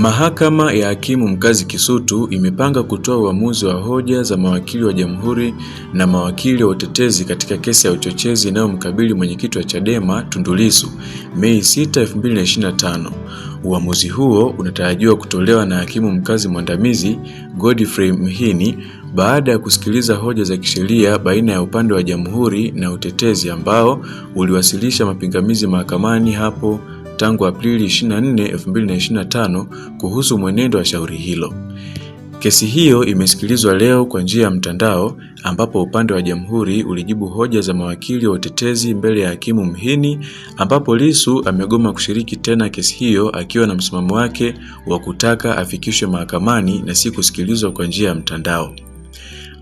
Mahakama ya Hakimu Mkazi Kisutu imepanga kutoa uamuzi wa hoja za mawakili wa Jamhuri na mawakili wa utetezi katika kesi ya uchochezi inayomkabili mwenyekiti wa Chadema Tundu Lissu Mei 6, 2025. Uamuzi huo unatarajiwa kutolewa na Hakimu Mkazi Mwandamizi Godfrey Mhini baada ya kusikiliza hoja za kisheria baina ya upande wa Jamhuri na utetezi ambao uliwasilisha mapingamizi mahakamani hapo tangu Aprili 24, 2025 kuhusu mwenendo wa shauri hilo. Kesi hiyo imesikilizwa leo kwa njia ya mtandao ambapo upande wa Jamhuri ulijibu hoja za mawakili wa utetezi mbele ya hakimu Mhini ambapo Lissu amegoma kushiriki tena kesi hiyo akiwa na msimamo wake wa kutaka afikishwe mahakamani na si kusikilizwa kwa njia ya mtandao.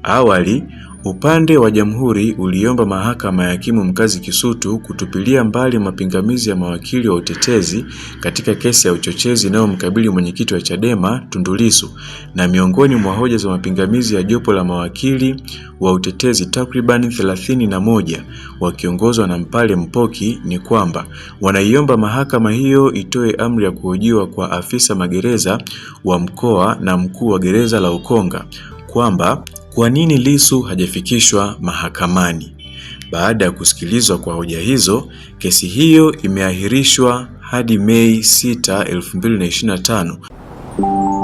Awali, upande wa Jamhuri uliomba Mahakama ya Hakimu Mkazi Kisutu kutupilia mbali mapingamizi ya mawakili wa utetezi katika kesi ya uchochezi inayomkabili Mwenyekiti wa Chadema, Tundu Lissu na miongoni mwa hoja za mapingamizi ya jopo la mawakili wa utetezi takribani thelathini na moja wakiongozwa na Mpale Mpoki ni kwamba wanaiomba mahakama hiyo itoe amri ya kuhojiwa kwa afisa magereza wa mkoa na mkuu wa gereza la Ukonga kwamba kwa nini Lissu hajafikishwa mahakamani? Baada ya kusikilizwa kwa hoja hizo, kesi hiyo imeahirishwa hadi Mei 6, 2025.